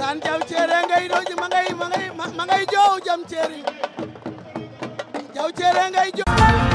Saan Jaw Ceere ngay doji ma ngay ma ngay joow jam ceeri Jaw Ceere ngay joow